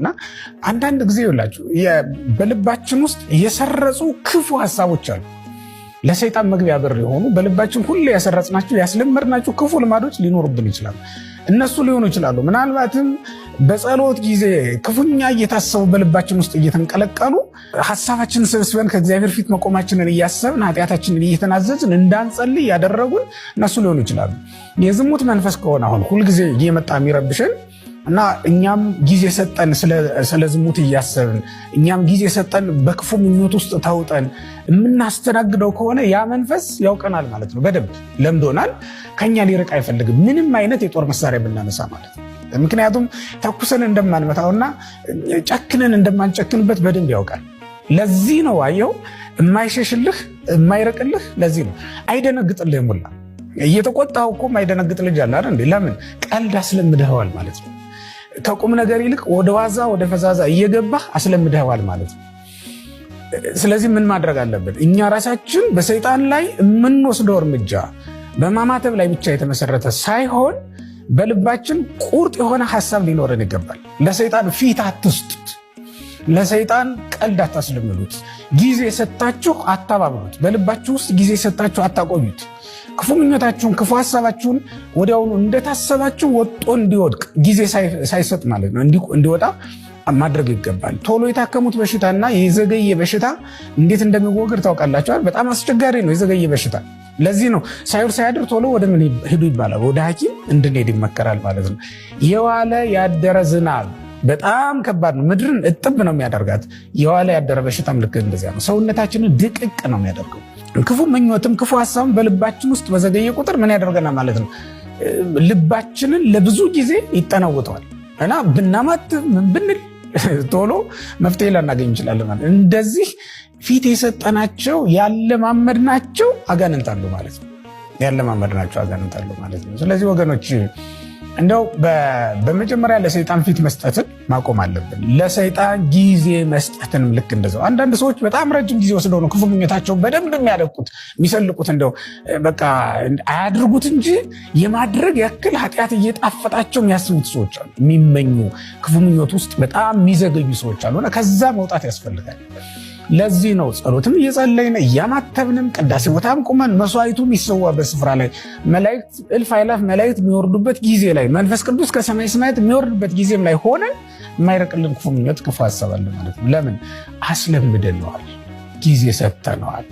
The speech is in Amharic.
እና አንዳንድ ጊዜ ይላችሁ በልባችን ውስጥ የሰረጹ ክፉ ሀሳቦች አሉ። ለሰይጣን መግቢያ በር የሆኑ በልባችን ሁሌ ያሰረጽናቸው ያስለመድናቸው ክፉ ልማዶች ሊኖሩብን ይችላሉ። እነሱ ሊሆኑ ይችላሉ። ምናልባትም በጸሎት ጊዜ ክፉኛ እየታሰቡ በልባችን ውስጥ እየተንቀለቀሉ ሀሳባችን ሰብስበን ከእግዚአብሔር ፊት መቆማችንን እያሰብን ኃጢአታችንን እየተናዘዝን እንዳንጸልይ ያደረጉን እነሱ ሊሆኑ ይችላሉ። የዝሙት መንፈስ ከሆነ አሁን ሁልጊዜ እየመጣ የሚረብሽን እና እኛም ጊዜ ሰጠን ስለ ዝሙት እያሰብን እኛም ጊዜ ሰጠን በክፉ ምኞት ውስጥ ተውጠን የምናስተናግደው ከሆነ ያ መንፈስ ያውቀናል ማለት ነው። በደንብ ለምዶናል። ከኛ ሊርቅ አይፈልግም፣ ምንም አይነት የጦር መሳሪያ ብናነሳ ማለት ነው። ምክንያቱም ተኩሰን እንደማንመታውና ጨክነን እንደማንጨክንበት በደንብ ያውቃል። ለዚህ ነው አየው የማይሸሽልህ የማይረቅልህ። ለዚህ ነው አይደነግጥልህ። ሙላ እየተቆጣው እኮ የማይደነግጥ ልጅ አለ ለምን ቀልድ አስለምድኸዋል ማለት ነው። ከቁም ነገር ይልቅ ወደ ዋዛ ወደ ፈዛዛ እየገባህ አስለምደዋል ማለት ነው። ስለዚህ ምን ማድረግ አለብን? እኛ ራሳችን በሰይጣን ላይ የምንወስደው እርምጃ በማማተብ ላይ ብቻ የተመሰረተ ሳይሆን በልባችን ቁርጥ የሆነ ሀሳብ ሊኖረን ይገባል። ለሰይጣን ፊት አትስጡት። ለሰይጣን ቀልድ አታስለምሉት። ጊዜ ሰታችሁ አታባብሉት። በልባችሁ ውስጥ ጊዜ ሰጣችሁ አታቆዩት። ክፉ ምኞታችሁን፣ ክፉ ሀሳባችሁን ወዲያውኑ እንደታሰባችሁ ወጦ እንዲወድቅ ጊዜ ሳይሰጥ ማለት ነው እንዲወጣ ማድረግ ይገባል። ቶሎ የታከሙት በሽታና የዘገየ በሽታ እንዴት እንደሚወገድ ታውቃላቸዋል። በጣም አስቸጋሪ ነው የዘገየ በሽታ። ለዚህ ነው ሳይውል ሳያድር ቶሎ ወደ ምን ሂዱ ይባላል፣ ወደ ሐኪም እንድንሄድ ይመከራል ማለት ነው። የዋለ ያደረ ዝናብ በጣም ከባድ ነው። ምድርን እጥብ ነው የሚያደርጋት። የዋለ ያደረ በሽታም ልክ እንደዚያ ነው። ሰውነታችንን ድቅቅ ነው የሚያደርገው። ክፉ ምኞትም ክፉ ሀሳብም በልባችን ውስጥ በዘገየ ቁጥር ምን ያደርገናል ማለት ነው? ልባችንን ለብዙ ጊዜ ይጠናውጠዋል እና ብናማት ምን ብንል ቶሎ መፍትሄ ላናገኝ እንችላለን ማለት እንደዚህ ፊት የሰጠናቸው ያለማመድ ናቸው አጋንንታሉ ማለት ነው። ያለማመድ ናቸው አጋንንታሉ ማለት ነው። ስለዚህ ወገኖች እንደው በመጀመሪያ ለሰይጣን ፊት መስጠትን ማቆም አለብን። ለሰይጣን ጊዜ መስጠትንም ልክ እንደዛው። አንዳንድ ሰዎች በጣም ረጅም ጊዜ ወስደው ነው ክፉ ምኞታቸው በደንብ የሚያደቁት የሚሰልቁት። እንደው በቃ አያድርጉት እንጂ የማድረግ ያክል ኃጢአት እየጣፈጣቸው የሚያስቡት ሰዎች አሉ። የሚመኙ ክፉ ምኞት ውስጥ በጣም የሚዘገዩ ሰዎች አሉ። ከዛ መውጣት ያስፈልጋል። ለዚህ ነው ጸሎትም እየጸለይን እያማተብንም ቅዳሴ ቦታም ቁመን መስዋዕቱ የሚሰዋበት ስፍራ ላይ መላእክት እልፍ አእላፍ መላእክት የሚወርዱበት ጊዜ ላይ መንፈስ ቅዱስ ከሰማይ ሰማያት የሚወርድበት ጊዜም ላይ ሆነን የማይረቅልን እኮ እምነት ክፉ አሳባለ ማለት ነው። ለምን አስለምደነዋል፣ ጊዜ ሰጥተነዋል።